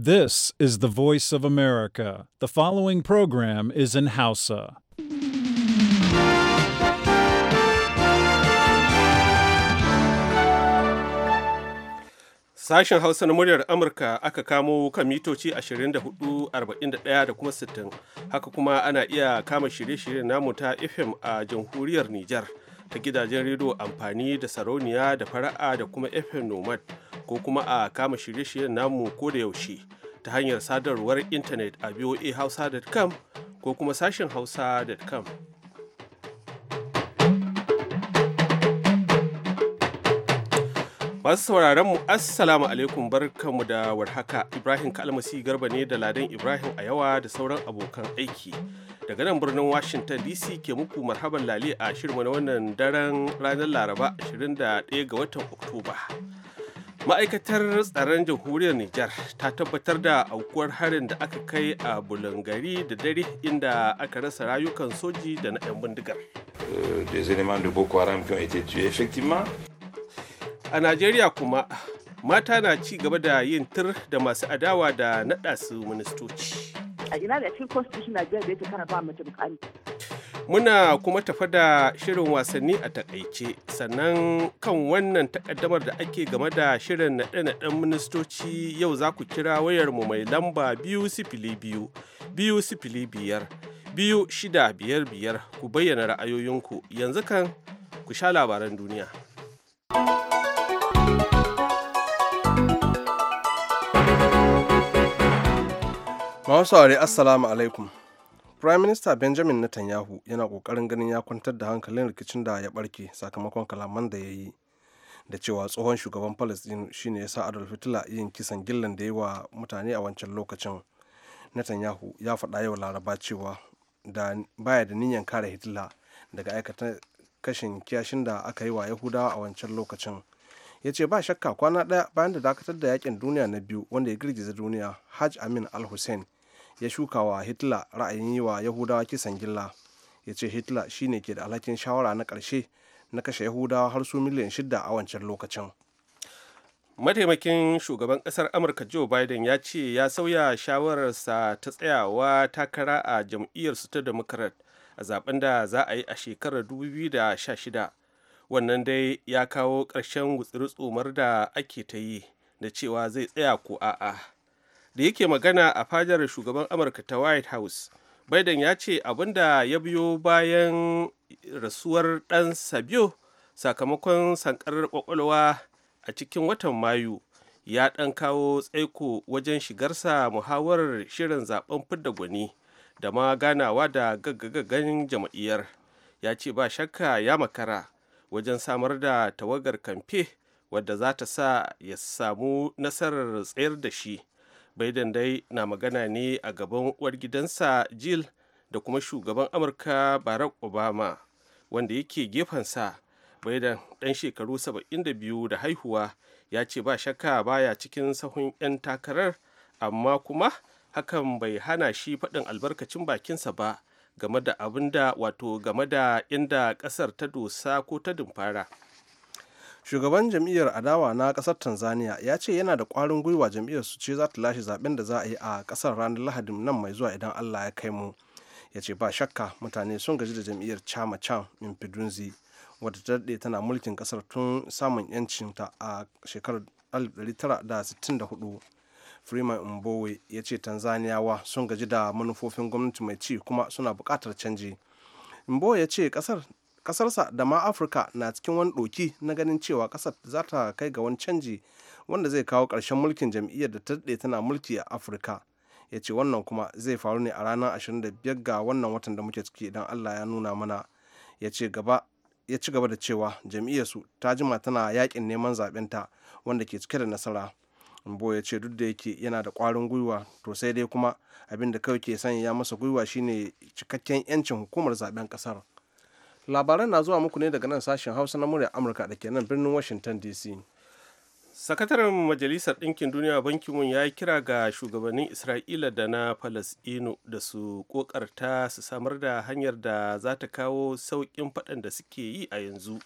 This is the voice of America. The following program is in Hausa. Sashen Hausa na muryar Amurka aka kamo kan mitoci 24, 41 da kuma 60. Haka kuma ana iya kama shirye-shiryen namu ta FM a jamhuriyar Nijar. ta gidajen rediyo amfani da sarauniya da fara'a da kuma fm nomad ko kuma a kama shirye-shiryen namu ko da yaushe ta hanyar sadarwar intanet a voahausa.com ko kuma sashen hausa.com Masu sauraron mu Assalamu alaikum barkamu da warhaka Ibrahim Kalmasi Garba ne da Ladan Ibrahim a yawa da sauran abokan aiki. Daga nan birnin Washington DC ke muku marhaban lale a shirma na wannan daren ranar Laraba 21 ga watan Oktoba. Ma'aikatar tsaron jamhuriyar Nijar ta tabbatar da aukuwar harin da aka kai a Bulangari da dare inda aka rasa rayukan soji da na 'yan bindigar. Euh, des éléments de Boko Haram qui ont été tués effectivement a najeriya kuma mata na ci gaba da yin tir da masu adawa da naɗa su ministoci a ina da cikin constitution najeriya da yake kana ba mace muna kuma tafa da shirin wasanni a takaice sannan kan wannan takaddamar da ake game da shirin naɗe-naɗen ministoci yau za ku kira mu mai lamba biyu sifili biyu biyu sifili biyar biyu shida biyar biyar ku bayyana ra'ayoyinku yanzu kan ku sha labaran duniya. Masu aure Assalamu alaikum. Prime Minister Benjamin Netanyahu yana kokarin ganin ya kwantar da hankalin rikicin da ya barke sakamakon kalaman da ya yi da cewa tsohon shugaban Palestine shine ya sa Adolf Hitler yin kisan gillan da ya wa mutane a wancan lokacin. Netanyahu ya faɗa yau Laraba cewa da baya da niyyar kare Hitler daga aikata kashin kiyashin da aka yi wa Yahudawa a wancan lokacin. ya ce ba shakka kwana ɗaya bayan da dakatar da yakin duniya na biyu wanda ya girgiza duniya hajj amin al hussein ya shuka wa hitler ra'ayin yi wa yahudawa kisan gilla ya ce hitler shine ke da alhakin shawara na karshe na kashe yahudawa har su miliyan shida a wancan lokacin mataimakin shugaban ƙasar amurka joe biden ya ce ya sauya shawararsa ta tsayawa takara a jam'iyyarsu ta democrat a zaben da za a yi a shekarar 2016 wannan dai ya kawo ƙarshen tsomar da ake ta yi da cewa zai tsaya ko a'a. da yake magana a fadar shugaban amurka ta white house biden ya ce abin da ya biyo bayan rasuwar ɗansa sabio sakamakon sankarar kwakwalwa a cikin watan mayu ya ɗan kawo tsaiko wajen shigarsa muhawarar shirin zaben fidda gwani da ma ganawa da gaggagagan jam'iyyar ya ce ba shakka ya makara wajen samar da tawagar kamfe wadda za ta sa ya samu nasarar tsayar da shi biden dai na magana ne a gaban uwar gidansa jill da kuma shugaban amurka barack obama wanda yake gefensa biden dan shekaru 72 da haihuwa ya ce ba shakka baya cikin sahun 'yan takarar amma kuma hakan bai hana shi faɗin albarkacin bakinsa ba game da abin da wato game da inda ƙasar ta dosa ko ta dumfara. shugaban jam'iyyar adawa na ƙasar tanzania ya ce yana da kwarin gwiwa jam'iyyar su ce za ta lashe zaben da za a yi a ƙasar ranar lahadin nan mai zuwa idan allah ya kai mu ya ce ba shakka mutane sun gaji da jam'iyyar chama cham impidunzi wadda ta daɗe tana mulkin kasar tun samun yancinta a shekarar 1964 freeman mbowe ya ce tanzaniyawa sun gaji da manufofin gwamnati mai ci kuma suna buƙatar canji mbowe ya ce kasar kasarsa da ma afirka na cikin wani doki na ganin cewa kasar za ta kai ga wani canji wanda zai kawo ƙarshen mulkin jam'iyyar da ta daɗe tana mulki a afirka ya ce wannan kuma zai faru ne a ranar 25 ga wannan watan da muke ciki idan allah ya nuna mana ya ci gaba da cewa su ta jima tana yakin neman zaben ta wanda ke cike da nasara mbo ya ce duk da yake yana da ƙwarin gwiwa to sai dai kuma abin da kawai ke sanya masa gwiwa shine cikakken 'yancin hukumar zaben ƙasar. labaran na zuwa muku ne daga nan sashen hausa na murya amurka da ke nan birnin washington dc sakataren majalisar ɗinkin duniya bankin mun ya yi kira ga shugabannin isra'ila da na falasɗinu da su ƙoƙarta su samar da hanyar da za ta kawo sauƙin faɗan da suke yi a yanzu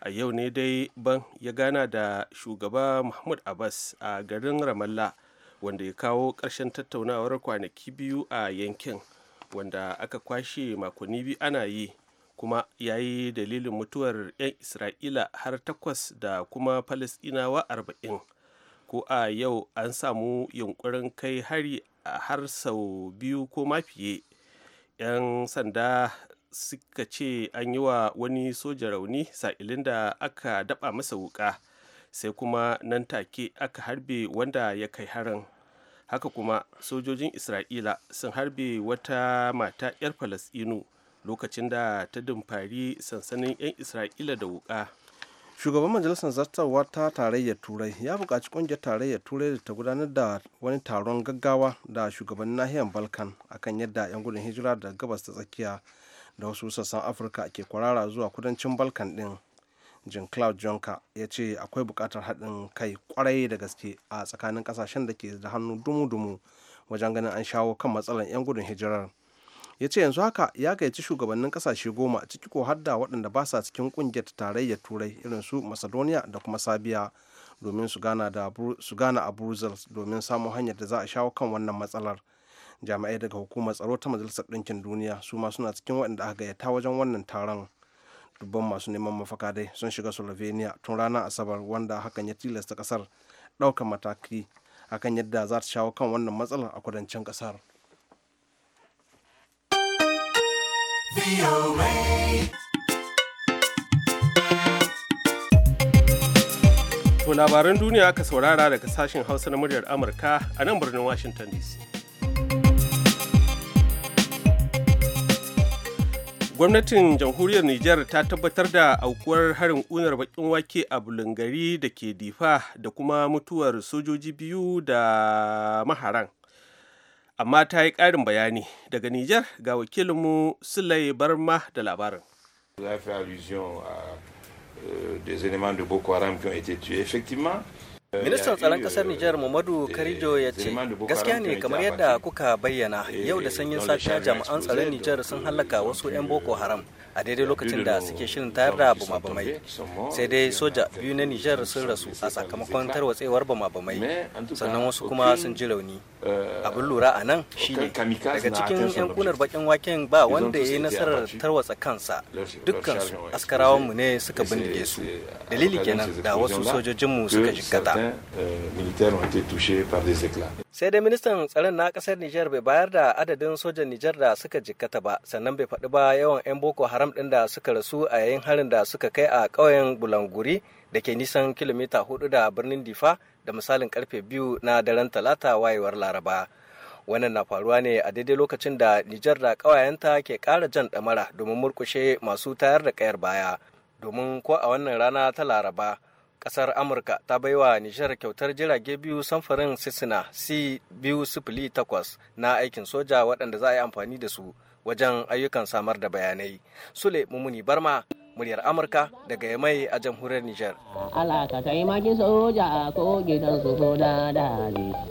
a yau ne dai ban ya gana da shugaba mahmud abbas a garin ramallah wanda ya kawo ƙarshen tattaunawar kwanaki biyu a yankin wanda aka kwashe makonni biyu ana yi kuma ya yi dalilin mutuwar 'yan isra'ila har takwas da kuma falasɗinawa arba'in ko a yau an samu yunkurin kai hari a har sau biyu ko ma fiye 'yan sanda suka ce an yi wa wani soja rauni sa'ilin da aka daba masa wuka sai kuma nan take aka harbe wanda ya kai harin haka kuma sojojin isra'ila sun harbe wata mata 'yar falasɗinu lokacin da ta dumfari sansanin 'yan isra'ila da wuka shugaban majalisar zartarwa ta tarayyar turai ya buƙaci ƙungiyar tarayyar turai da ta gudanar da wani taron gaggawa da shugaban nahiyar balkan akan yadda 'yan gudun hijira da gabas ta tsakiya da wasu sassan afirka ke kwarara zuwa kudancin balkan din jim cloud jonka ya ce akwai buƙatar haɗin kai kwarai da gaske a tsakanin ƙasashen da ke da hannu dumu-dumu wajen ganin an shawo kan matsalar 'yan gudun hijirar ya ce yanzu haka ya gayyaci shugabannin kasashe goma ciki ko har da waɗanda ba sa cikin ƙungiyar tarayyar turai irin su macedonia da kuma sabiya domin su gana a brussels domin samun hanyar da za a shawo kan wannan matsalar jami'ai daga hukumar tsaro ta majalisar ɗinkin duniya su ma suna cikin waɗanda aka gayyata wajen wannan taron dubban masu neman mafaka dai sun shiga slovenia tun ranar asabar wanda hakan ya tilasta kasar ɗaukar mataki akan yadda za ta shawo kan wannan matsalar a kudancin ƙasar. To labaran duniya aka saurara daga sashen Hausa na muryar Amurka a nan birnin Washington DC. Gwamnatin jamhuriyar Nijar ta tabbatar da aukuwar harin unar bakin wake a Bulungari da ke Difa da kuma mutuwar sojoji biyu da maharan. amma ta yi ƙarin bayani daga Nijar ga wakilinmu Sulai Barma da labarin. Euh, euh, Ministan tsaron ƙasar euh, Nijar Muhammadu Karijo ya ce, gaskiya ne kamar yadda kuka bayyana yau da sanyin safiya jami'an tsaron Nijar sun hallaka wasu 'yan Boko Haram. a daidai lokacin da suke shirin tayar da bama bamai sai dai soja biyu na nijar sun rasu a sakamakon tarwatsewar bamai sannan wasu kuma sun ji rauni eh, abin lura a nan shine daga cikin yan kunar bakin waken ba wanda ya yi nasarar tarwatsa kansa dukkansu askarawanmu ne suka bindige su dalili kenan da wasu sojojinmu suka jikkata euh, sai dai ministan tsaron na kasar Nijar bai bayar da adadin sojan Nijar da suka jikkata ba sannan bai faɗi ba yawan 'yan boko haram ɗin da suka rasu a yayin harin da suka kai a ƙauyen bulanguri da ke nisan kilomita hudu da birnin difa da misalin karfe biyu na daren talata wayewar laraba wannan na faruwa ne a daidai lokacin da Nijar da ƙawayenta ke ƙara jan ɗamara domin murƙushe masu tayar da ƙayar baya domin ko a wannan rana ta laraba kasar amurka ta baiwa nijar kyautar jirage biyu samfarin sisina c biyu sifili takwas na aikin soja waɗanda za a yi amfani da su wajen ayyukan samar da bayanai sule mumuni barma muryar amurka daga yamai a jamhuriyar nijar alaka taimaki soja ko ko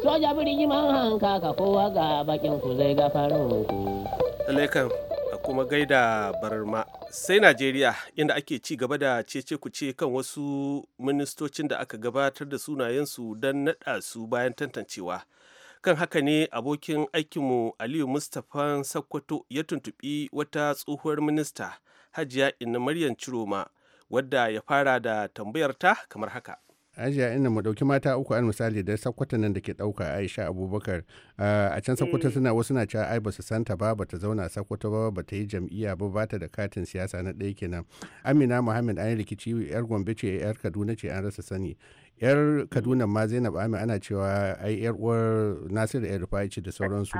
soja ga bakin zai kuma gaida barma sai najeriya inda ake ci gaba da cece ce kan wasu ministocin da aka gabatar da sunayensu don naɗa su bayan tantancewa kan haka ne abokin aikinmu aliyu mustapha sakkwato ya tuntuɓi wata tsohuwar minista hajiya inna maryam ciroma wadda ya fara da tambayarta kamar haka ajiya ina mu dauki mata uku a misali da sakwata nan da ke dauka aisha abubakar ah, a can sakwata mm. suna wasu na cewa ai basu santa ba bata zauna sakwata ba ta yi jam'iyya ba ba ta da katin siyasa na ɗaya kenan amina muhammad an rikici yar gombe ce yar kaduna ce an rasa sani yar kaduna ma zainab ami ana cewa ai yar uwar nasiru yar rufai ce da sauransu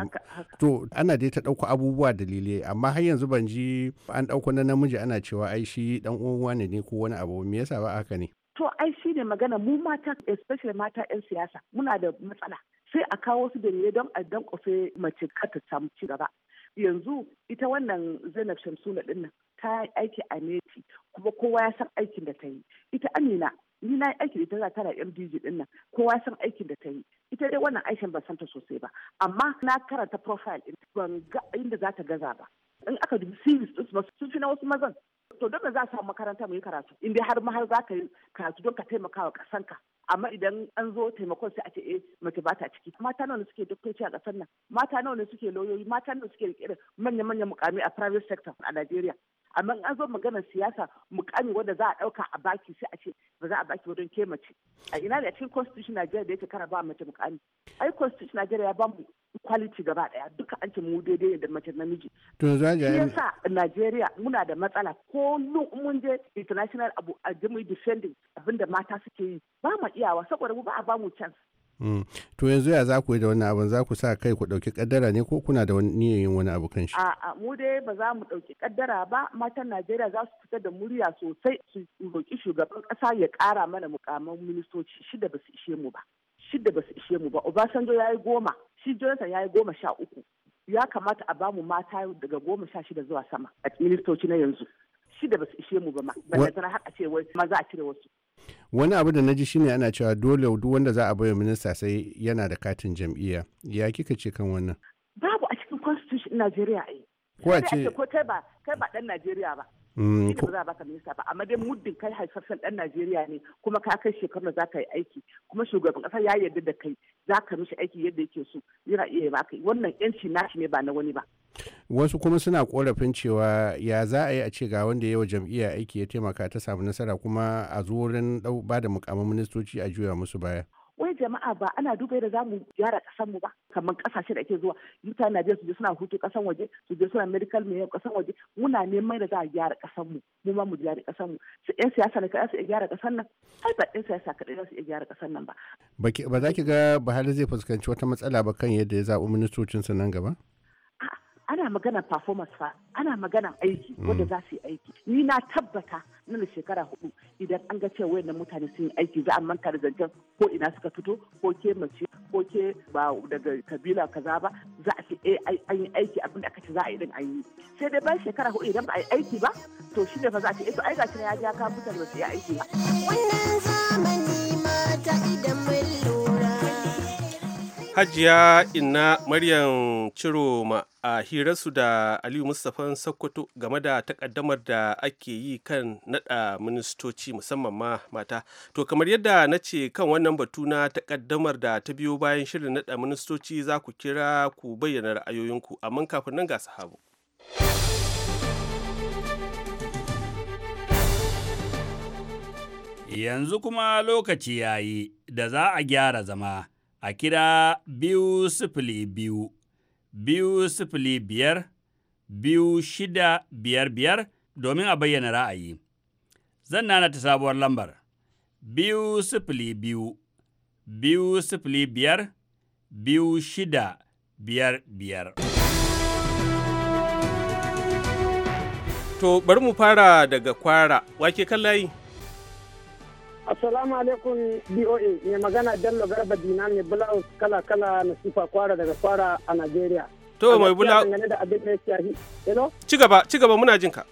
to ana dai ta ɗauko abubuwa dalilai amma har yanzu ban ji an ɗauko na namiji ana cewa ai shi dan uwan wani ne ko wani abu me yasa ba haka ne to ai shi ne magana mu mata especially mata 'yan siyasa muna da matsala sai a kawo su dalilai don a dan kofe mace ta samu ci gaba yanzu ita wannan zainab shamsuna din nan ta aiki a neti kuma kowa ya san aikin da ta yi ita amina ni na aiki da ta tana mdg din nan kowa san aikin da ta yi ita dai wannan aikin ban ta sosai ba amma na karanta profile din ban ga inda za ta gaza ba in aka dubi series su sun fi na wasu mazan to don za a samu makaranta mu yi karatu in dai har ma har za ka yi karatu don ka taimaka wa ƙasanka amma idan an zo taimakon sai a ce eh mace ba ta ciki mata nawa ne suke doktoci a ƙasar nan mata nawa ne suke lauyoyi mata nawa suke rike manya-manyan mukami a private sector a Najeriya amma an zo maganar siyasa mukami wanda za a dauka a baki sai a ce ba za a baki wajen ke mace a ina ne a cikin constitution Najeriya da yake kara ba mace mukami ai constitution Najeriya ya bamu kwaliti gaba daya duka an ce mu daidai da mace namiji to za ga yasa Najeriya muna da matsala ko mun je international abu a jimi defending abinda mata suke yi ba mu iyawa saboda mu ba a ba mu chance mm. to yanzu ya za ku yi da wannan abin za ku sa kai ku ɗauki kaddara ne ko kuna da wani niyyar wani abu kan shi a'a mu dai ba za mu ɗauki kaddara ba matan Najeriya za su fita da murya sosai su roki shugaban ƙasa ya ƙara mana mukaman ministoci shida ba su ishe mu ba shidda ba su ishe mu ba obasanjo ya yi goma shi jonathan ya yi goma sha uku ya kamata a bamu mata daga goma sha shida zuwa sama a ministoci na yanzu shidda ba su ishe mu ba ma ba da har a ce wai maza a cire wasu wani abu da naji shine ana cewa dole duk wanda za a bayar minista sai yana da katin jam'iyya ya kika ce kan wannan babu a cikin constitution Najeriya ai ko a ce ko kai ba kai ba dan Najeriya ba Ni mm, ba za a baka minista ba, amma dai muddin kai haifaffen ɗan Najeriya ne kuma ka kai shekarar za ka yi aiki kuma shugaban ƙasa ya yarda da kai za ka mishi aiki yadda yake so yana iya baka wannan yanci nashi ne ba na wani ba. Wasu kuma suna korafin cewa ya za a yi a ce ga wanda yawa jam'iyya aiki ya taimaka ta samu nasara kuma a zuwurin ba da mukamin ministoci a juya musu baya. jama'a ba ana duba yadda za mu gyara mu ba kamar kasashe da ke zuwa mutane na su je suna hutu kasan waje su je suna medical mai kasan waje muna neman da za a gyara kasanmu mu ma mu gyara kasanmu su yan siyasa ne kaɗai su gyara kasan nan ai ba yan siyasa kaɗai za su iya gyara kasan nan ba. ba za ki ga buhari zai fuskanci wata matsala ba kan yadda ya zaɓi ministocinsa nan gaba. ana magana performance fa ana magana aiki wanda mm. za su yi aiki ni na tabbata nan shekara hudu idan an ga cewa wayannan mutane sun yi aiki za a manta da zancen ko ina suka fito ko ke mace ko ke ba daga kabila kaza ba za a ce eh, an yi aiki abinda da aka ce za a yi din an yi sai dai bayan shekara hudu idan ba a yi aiki ba to shi ne fa za a ce eh to ai gashi ya ka mutane ba su yi aiki ba wannan zamani mata idan hajiya inna maryam ciroma a hirarsu da aliyu mustapha Sokoto game da takaddamar da ake yi kan nada ministoci musamman ma mata to kamar yadda na ce kan wannan batu na takaddamar da ta biyo bayan shirin nada ministoci za ku kira ku bayyana ra'ayoyinku amma kafin nan ga sahabu yanzu kuma lokaci yayi da za a gyara zama a kira biyu sifili biyu, biyu sifili biyar, biyu shida biyar biyar domin a bayyana ra'ayi. Zan nana ta sabuwar lambar, biyu sifili biyu, biyu sifili biyar, biyu shida biyar biyar. To bari mu fara daga kwara, wake kallayi? Assalamu alaikum BOA mai magana Bello Garba Dina ne blouse kala-kala na sifa kwara daga kwara a Najeriya. To mai bula. Ci gaba, ci gaba muna jinka.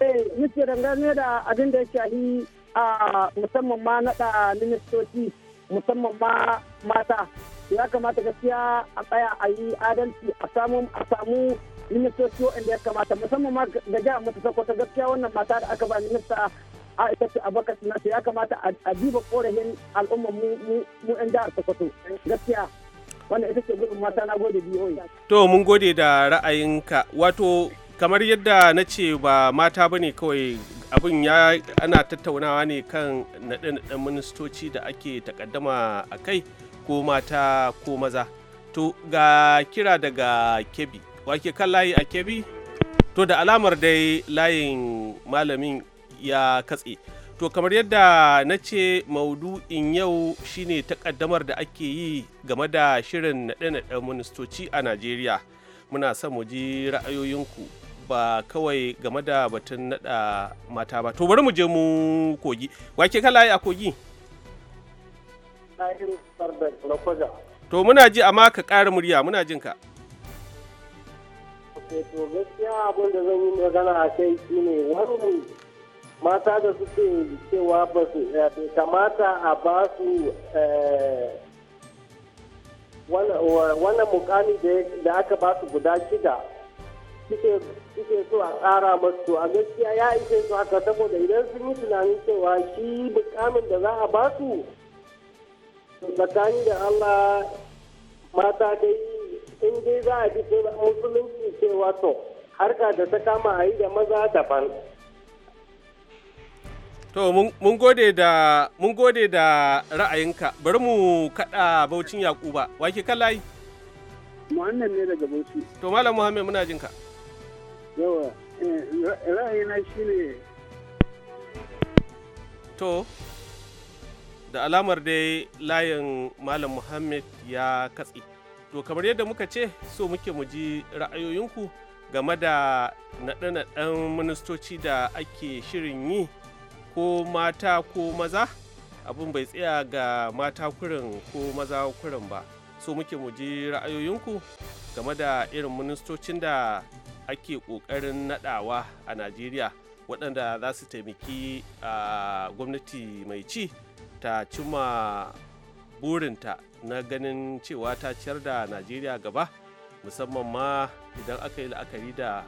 Eh, muke dangane da abin da ya shahi a musamman ma naɗa ministoci musamman ma mata. Ya kamata gaskiya a tsaya a yi adalci a samu a samu ministoci waɗanda ya kamata musamman ma ga jihar mata sakwata gaskiya wannan mata da aka ba minista Aisha ce a bakar na ya kamata a duba korafin al'umma mu yan jihar Sokoto gaskiya wannan ita ce gudun mata na gode biyoyi. To mun gode da ra'ayinka wato kamar yadda na ce ba mata ba ne kawai abin ya ana tattaunawa ne kan naɗe-naɗen ministoci da ake takaddama a kai ko mata ko maza to ga kira daga kebi wake kan layi a kebi to da alamar dai layin malamin ya katse to kamar yadda na ce maudu'in yau shine takaddamar da ake yi game da shirin naɗe naɗe ministoci a najeriya muna son mu ji ra'ayoyinku ba kawai game da batun naɗa mata ba to bari mu je mu kogi wake kala a kogi to muna ji amma ka ƙara murya muna jin ka to gaskiya abin da zan yi magana a kai shine wani mata da suke cewa ba su eh, kamata a ba su eh, wannan mukami da aka ba su guda shida suke so a tsara masu a gaskiya ya ishe su aka saboda idan sun yi tunanin cewa shi mukamin da za a ba su tsakani da Allah mata dai in dai za a bi musulunci cewa to harka da ta kama a yi da maza daban. To mun gode da mun gode da ra'ayinka. Bari mu kada Baucin Yakuba. Wake kallai? Muhammad ne daga Bauchi. To Malam Muhammad muna jin ka. Yawa, eh, ra'ayina shine To da alamar dai layin Malam Muhammad ya katse. To kamar yadda muka ce so muke mu ji ra'ayoyinku game da naɗe-naɗen ministoci da ake shirin yi ko mata ko maza abin bai tsaya ga mata kurin ko maza kurin ba so muke mu ji ra'ayoyinku game da irin ministocin da ake ƙoƙarin nadawa a najeriya waɗanda za su taimaki a gwamnati mai ci ta cimma burinta na ganin cewa ta ciyar da najeriya gaba musamman ma idan aka yi la'akari da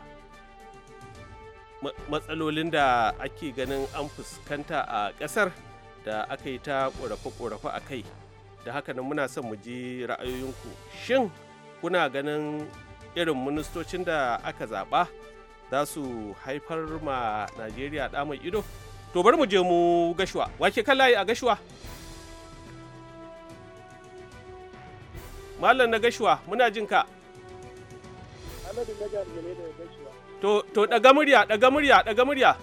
matsalolin da ake ganin an fuskanta a ƙasar da aka yi ta ƙorafe-ƙorafe a kai da haka nan muna son mu ji ra'ayoyinku shin kuna ganin irin ministocin da aka zaɓa za su haifar ma najeriya ɗa mai ido to bari mu je mu gashuwa wake kan layi a gashuwa malam na gashuwa muna jin ka To, to daga murya, daga murya, daga murya.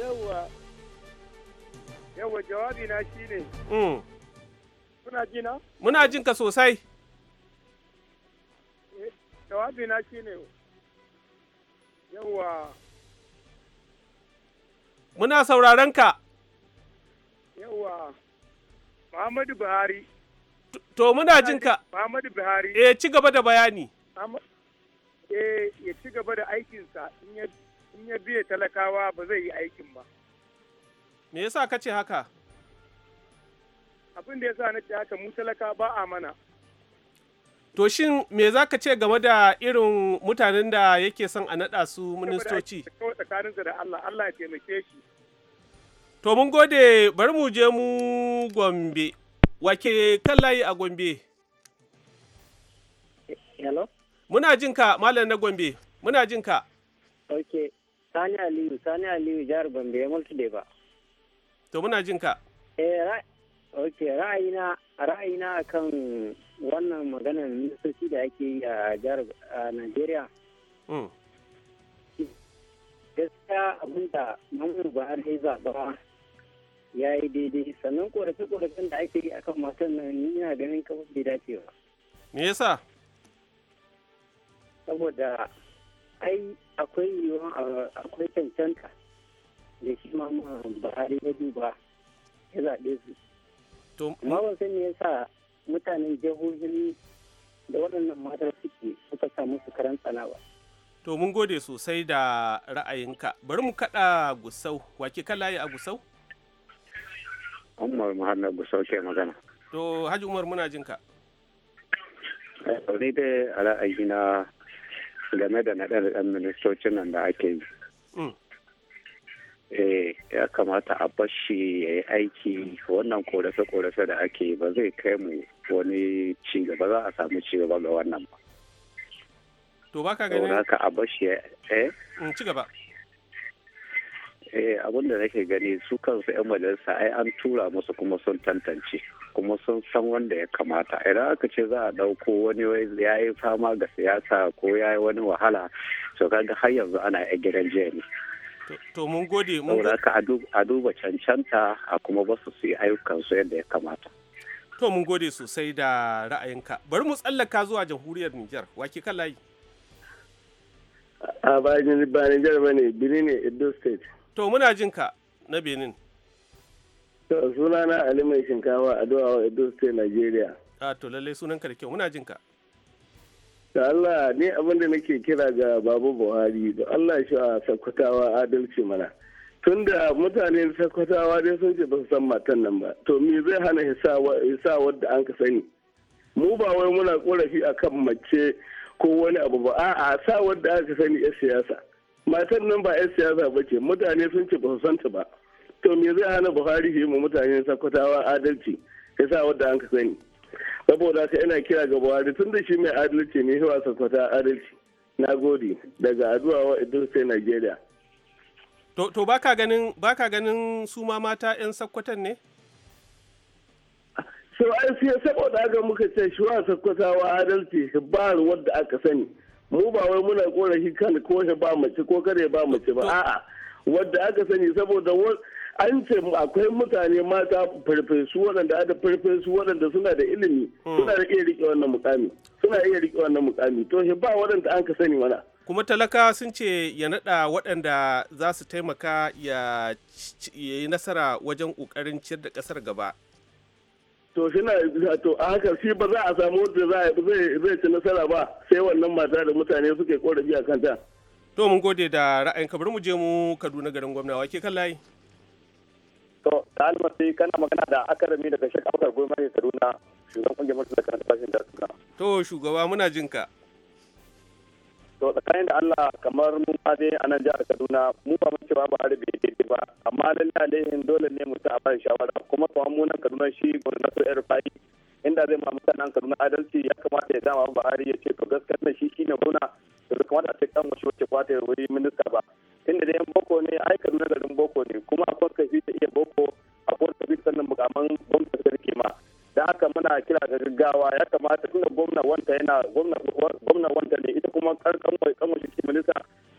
Yawwa, yawwa jawabi na shi ne. Mm. Kuna jina? Muna jin ka sosai. Eh, jawabi na shi ne. Yawwa. Muna sauraron ka. Yawwa, Muhammadu Buhari. To, muna jin ka. Muhammadu Buhari. Eh, ci gaba da bayani. Muhammadu eh ya ci gaba da aikinsa in ya biya talakawa ba zai yi aikin ba. Me yasa ka ce haka? Abin da yasa na ce haka mu talaka ba a mana. To shin me za ka ce game da irin mutanen da yake son a naɗa su ministoci? da Allah, Allah ya taimake shi. To mun gode bari mu je mu Gombe. Wake kan layi a Gombe? Muna jin ka Malam na Gombe, muna jin ka. Ok, Sani Aliyu, Sani Aliyu jihar Gombe ya mulki da ba. To muna jin ka. Eh, ok, ra'ayina ra'ayina akan wannan maganar ministoci da ake yi a jihar Najeriya. Mm. Gaskiya abin da Muhammadu Buhari ya zaɓa ya yi daidai sannan ƙorafi korafen da ake yi akan matan nan yana ganin kawai bai dace ba. Me yasa? saboda ai akwai yiwuwa akwai cancanta da shi ma buhari ya duba ya zaɓe su amma ban san me yasa mutanen jihohin da waɗannan matar suke suka samu su karan ba to mun gode sosai da ra'ayinka bari mu kaɗa gusau wake layi a gusau umar muhammad gusau ke magana to haji umar muna jinka eh, ni dai a ra'ayina game da naɗe ɗan ministocin nan da ake yi. Mm. Eh, ya kamata a bashi ya yi aiki wannan korasa-korasa da ake yi ba zai kai mu wani ci gaba za a samu gaba ga wannan ba. To ba ka gani? Ka a bashi ya eh? Mm, ci gaba. Eh, abin nake gani su kansu 'yan majalisa ai an tura musu kuma sun tantance. kuma sun san wanda ya kamata idan aka ce za a dauko wani ya yi fama ga siyasa ko ya yi wani wahala to kaga har yanzu ana yan gidan jiya ne to mun gode mun gode a duba cancanta a kuma ba su yi ayyukan su yadda ya kamata to mun gode sosai da ra'ayinka bari mu tsallaka zuwa jamhuriyar Nijar wake kan layi a ba Nijar bane Benin Edo State to muna jinka na Benin To sunana Ali mai shinkafa a Doha Edo State Nigeria. A ah, to lallai sunan ka da kyau muna jinka. Da Allah ne abin da nake kira ga Babu Buhari da Allah shi a sakwatawa adalci mana. Tunda mutane sakwatawa dai sun ce ba su san matan nan ba. To me zai hana hisa wadda an ka sani? Mu ba wai muna korafi kan mace ko wani abu ba a'a sa wadda aka sani 'yan siyasa. Matan nan ba 'yan siyasa ba ce mutane sun ce ba su san ta ba. to me zai hana buhari shi mu mutane sakwatawa adalci ya sa wadda an ka sani saboda ka yana kira ga buhari tun da shi mai adalci ne yawa sakwata adalci na gode daga aduwa wa idris nigeria to, to baka ganin baka ganin su ma mata yan sakkwatan ne so ai sai saboda haka muka ce shi wa wa adalci ba wadda aka sani mu ba wai muna korafi kan ko ba mace ko kare ba mace ba a'a wadda aka sani saboda an ce akwai mutane mata farfesu waɗanda ada farfesu waɗanda suna da ilimi hmm. suna da iya rike wannan mukami suna iya rike wannan mukami to ba waɗanda an ka sani mana kuma talaka sun ce ya naɗa waɗanda za su taimaka ya yi nasara wajen ƙoƙarin ciyar da ƙasar gaba to na to a haka shi ba za a samu wanda zai ci nasara ba sai wannan mata da mutane suke korafi a kanta to mun gode da ra'ayin kabar mu je mu kaduna garin gwamna wake kan layi To, ta almasi kana magana da rami daga shek goma ne Kaduna, shugaban kungiyar mutu da karanta bashin jarsuka. To, shugaba muna jin ka. To, tsakanin da Allah kamar mun ma dai a nan jihar Kaduna, mu ba mun cewa ba harbi daidai ba, amma lallai alaihin dole ne mu ta a bayan shawara, kuma kuma mu nan Kaduna shi na so Fayi inda zai ma mutanen Kaduna adalci ya kamata ya dama Buhari ya ce to gaskiya shi shine gwamna da kamata a ce kan wace wacce kwata wuri minista ba. inda da yan boko ne aikar kaduna garin boko ne kuma a akwai fi ta iya boko a akwai kafi sannan mukaman gwamnati da ke ma da haka muna kira ga gaggawa ya kamata tunda gwamna wanta yana gwamna wanta ne ita kuma karkan wai kan wani minista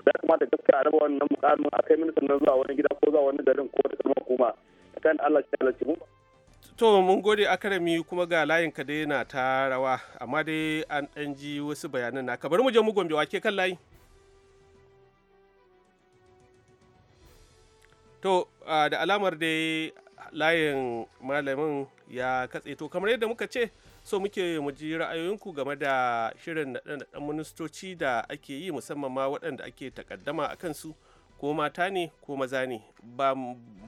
ya kamata gaskiya a raba wannan mukamin a kai ministan nan zuwa wani gida ko zuwa wani garin ko da kuma kuma kan Allah shi halarci shi to mun gode akarami kuma ga layin ka dai na ta rawa amma dai an ɗan ji wasu bayanan naka bari mu je mu gombe wake kan layi to da alamar dai layin malamin ya katse to kamar yadda muka ce so muke mu ji ra'ayoyinku game da shirin naɗe-naɗen ministoci da ake yi musamman ma waɗanda ake takaddama a kansu ko mata ne ko maza ne ba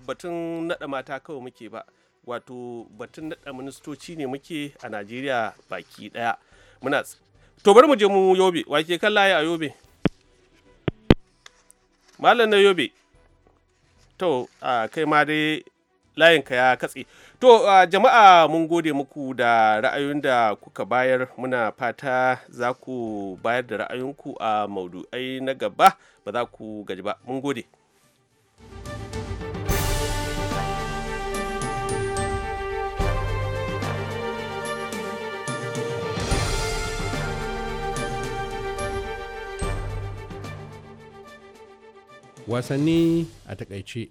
batun naɗa mata kawai muke ba wato batun naɗa ministoci ne muke a najeriya baki ɗaya muna to bari mu je mu yobe wake kan layi a yobe malam na yobe to kai ma dai layinka ya katse to jama'a mun gode muku da ra'ayoyin da kuka bayar muna fata za ku bayar da ra'ayinku a maudu'ai na gaba ba za ku gaji ba mun gode wasanni a takaice.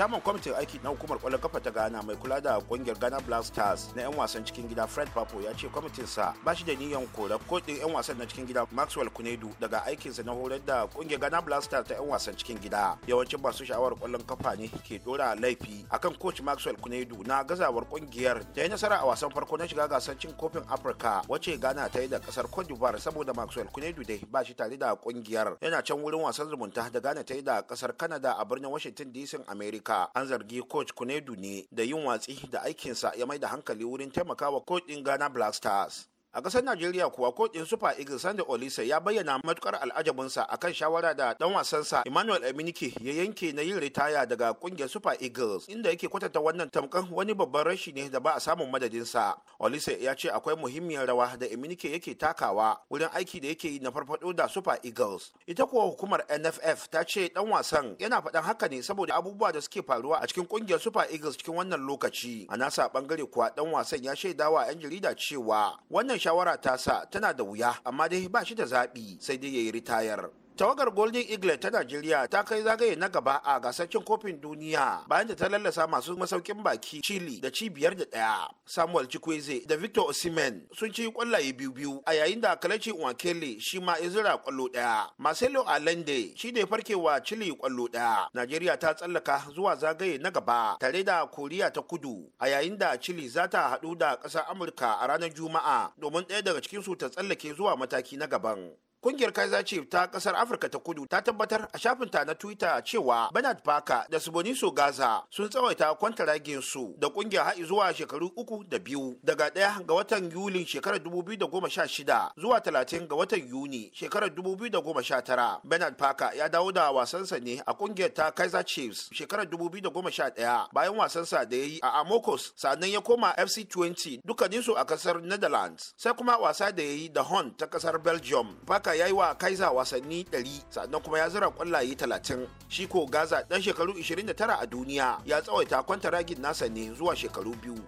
Chairman kwamitin aiki na hukumar kwallon kafa ta Ghana mai kula da kungiyar Ghana Black Stars na 'yan wasan cikin gida Fred Papo ya ce kwamitin sa ba shi da niyan kora kodin 'yan wasan na cikin gida Maxwell Kunedu daga aikinsa na horar da kungiyar Ghana Black Stars ta 'yan wasan cikin gida. Yawancin masu sha'awar kwallon kafa ne ke dora laifi akan coach Maxwell Kunedu na gazawar kungiyar da ya nasara a wasan farko na shiga gasar cin kofin Afirka wace Ghana ta yi da kasar Cote d'Ivoire saboda Maxwell Kunedu dai ba shi tare da kungiyar yana can wurin wasan zumunta da Ghana ta yi da kasar Canada a birnin Washington DC America. haka an zargi coach kunedu ne da yin watsi da aikinsa ya mai da hankali wurin taimakawa coach din ghana black stars a ƙasar najeriya kuwa kotun super eagles sanda olise ya bayyana matukar al'ajabinsa a kan shawara da dan wasansa emmanuel aminike ya yanke na yin ritaya daga kungiyar super eagles inda yake kwatanta wannan tamkan wani babban rashi ne da ba a samun madadinsa olise ya ce akwai muhimmiyar rawa da aminike yake takawa wurin aiki da yake yi na farfado da super eagles ita kuwa hukumar nff ta ce dan wasan yana faɗan haka ne saboda abubuwa da suke faruwa a cikin kungiyar super eagles cikin wannan lokaci a nasa bangare kuwa dan wasan ya shaidawa 'yan jarida cewa wannan shawara ta sa tana da wuya amma dai ba shi da zaɓi sai dai ya yi ritayar tawagar golden eagle ta najeriya ta kai zagaye na gaba a gasar cin kofin duniya bayan da ta lallasa masu masaukin baki chile da ci biyar da daya samuel chikweze da victor osimhen sun ci kwallaye biyu biyu a yayin da kalaci wakele shi ma ya kwallo daya marcelo alende shi ne farkewa chile kwallo daya najeriya ta tsallaka zuwa zagaye na gaba tare da koriya ta kudu a yayin da chile za ta haɗu da ƙasar amurka a ranar juma'a domin ɗaya daga cikinsu ta tsallake zuwa mataki na gaban Kungiyar Kaiser Chief ta kasar Afirka ta Kudu ta tabbatar a shafinta na Twitter cewa Bernard Parker da Suboniso Gaza sun tsawaita kwantaragin su da kungiyar har zuwa shekaru uku da biyu daga ɗaya ga watan Yulin shekarar 2016 zuwa 30 ga watan Yuni shekarar 2019. Bernard Parker ya dawo da wasansa ne a kungiyar ta Kaiser Chiefs shekarar 2011 bayan wasansa da ya yi a Amokos sannan ya koma FC 20 dukkaninsu a kasar Netherlands sai kuma wasa da ya yi da hon ta kasar Belgium. Parker haka ya yi wa Kaiza wasanni 100 sannan kuma ya zira kwallaye 30. Shi ko Gaza dan shekaru 29 a duniya ya tsawaita kwanta ragin nasa ne zuwa shekaru biyu.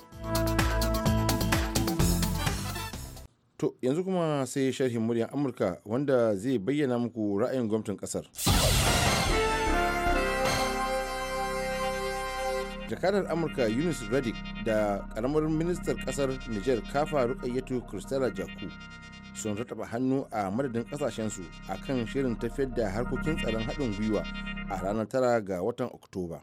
To yanzu kuma sai sharhin muryar Amurka wanda zai bayyana muku ra'ayin gwamnatin kasar. jakadar amurka yunus redick da karamar ministar kasar niger kafa rukayyatu kristalla jaku sun rataba hannu a madadin kasashensu a kan shirin tafiyar da harkokin tsaron haɗin gwiwa a ranar tara ga watan oktoba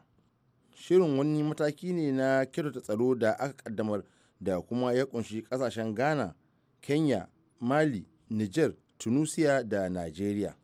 shirin wani mataki ne na kyautata tsaro da aka kaddamar da kuma ya kunshi kasashen ghana kenya mali niger tunisia da nigeria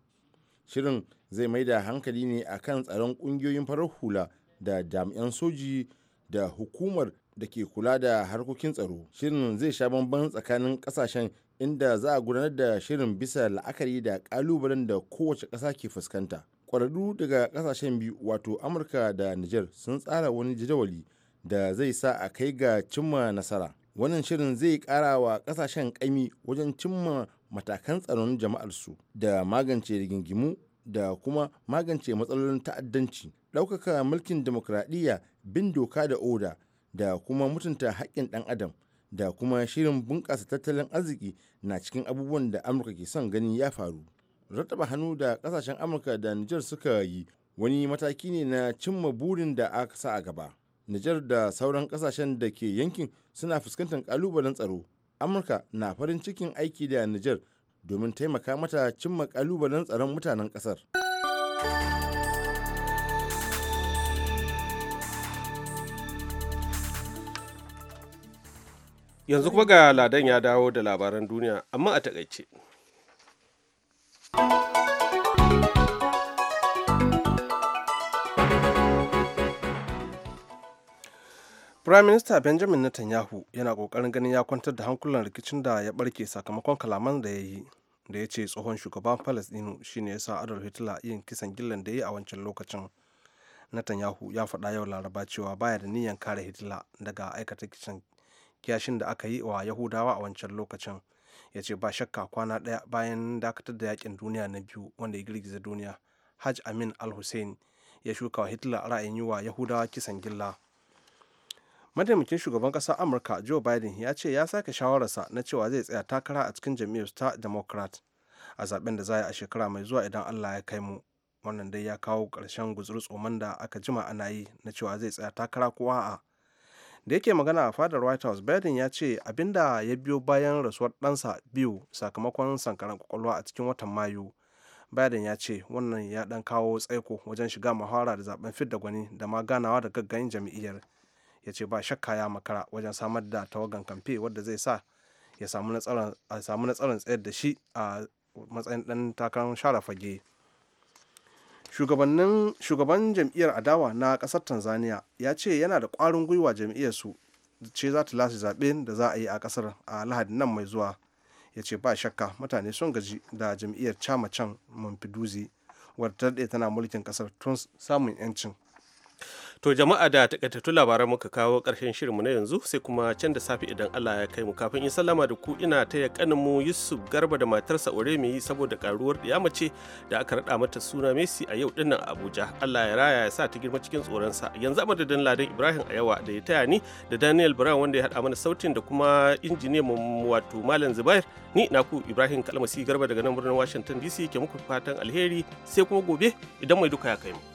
shirin zai mai da hankali ne a kan tsaron ƙungiyoyin farar hula da jami'an soji da hukumar da ke kula da harkokin tsaro shirin zai sha bamban tsakanin ƙasashen. inda za a gudanar da shirin bisa la'akari da kalubalen da kowace ƙasa ke fuskanta kwararru daga ƙasashen biyu wato amurka da niger sun tsara wani jadawali da zai sa a kai ga cimma nasara wannan shirin zai ƙara wa ƙasashen ƙaimi wajen cimma matakan tsaron jama'arsu da magance rigingimu da kuma magance matsalolin ta'addanci ɗaukaka mulkin demokradiyya bin doka da oda da kuma mutunta haƙƙin ɗan adam da kuma shirin bunƙasa tattalin arziki na cikin abubuwan da amurka ke son ganin ya faru rataba hannu da ƙasashen amurka da niger suka yi wani mataki ne na cimma burin da aka sa a gaba niger da sauran ƙasashen da ke yankin suna fuskantar ƙalubalen tsaro amurka na farin cikin aiki da niger domin taimaka mata cimma ƙalubalen tsaron mutanen ƙasar. yanzu kuma ga ladan ya dawo da labaran duniya amma a takaice Prime Minister Benjamin Netanyahu yana kokarin ganin ya kwantar da hankulan rikicin da ya barke sakamakon kalaman da ya yi da ya ce tsohon shugaban Palestine shine ya sa Adolf Hitler yin kisan gillan da ya yi a wancan lokacin. Netanyahu ya faɗa yau laraba cewa baya da niyyar kare Hitler daga aikata kisan kiyashin da aka yi wa yahudawa a wancan lokacin ya ce ba shakka kwana ɗaya bayan dakatar da yakin duniya na biyu wanda ya girgiza duniya hajj amin al hussein ya shuka wa hitler ra'ayin yi wa yahudawa kisan gilla mataimakin shugaban ƙasar amurka joe biden ya ce ya sake shawararsa na cewa zai tsaya takara a cikin jam'iyyar ta democrat a zaben da za a shekara mai zuwa idan allah ya kai mu wannan dai ya kawo karshen guzuru tsoman da aka jima ana yi na cewa zai tsaya takara ko a. da yake magana a fadar white house biden ya ce abinda ya biyo bayan rasuwar ɗansa biyu sakamakon sankaran kwakwalwa a cikin watan mayu biden ya ce wannan ya dan kawo tsaiko wajen shiga muhawara da zaben fidda gwani da ma ganawa da gaggayin jam'iyyar ya ce ba shakka ya makara wajen samar da tawagan kamfe wadda zai sa ya samu nasarar tsayar da shi a matsayin dan takarar share fage. shugaban jam'iyyar adawa na ƙasar tanzania ya ce yana da ƙwarin gwiwa su ce za ta lasa zaɓen da za a yi a ƙasar a lahadin nan mai zuwa ya ce ba shakka mutane sun gaji da jam'iyyar chama can mamfiduzi wadda ta tana mulkin ƙasar tun samun 'yancin To jama'a da takaitattu labaran muka kawo ƙarshen shirinmu na yanzu sai kuma can da safe idan Allah ya kai mu kafin in sallama da ku ina taya mu Yusuf Garba da matarsa Oremi saboda karuwar mace da aka rada mata suna Messi a yau dinnan a Abuja. Allah ya raya ya sa ta girma cikin tsoron sa. Yanzu a madadin Ladan Ibrahim Ayawa da ya taya ni da Daniel Brown wanda ya hada mana sautin da kuma injiniyan mu wato Malam Zubair ni na ku Ibrahim Kalmasi Garba daga nan birnin Washington DC ke muku fatan alheri sai kuma gobe idan mai duka ya kai mu.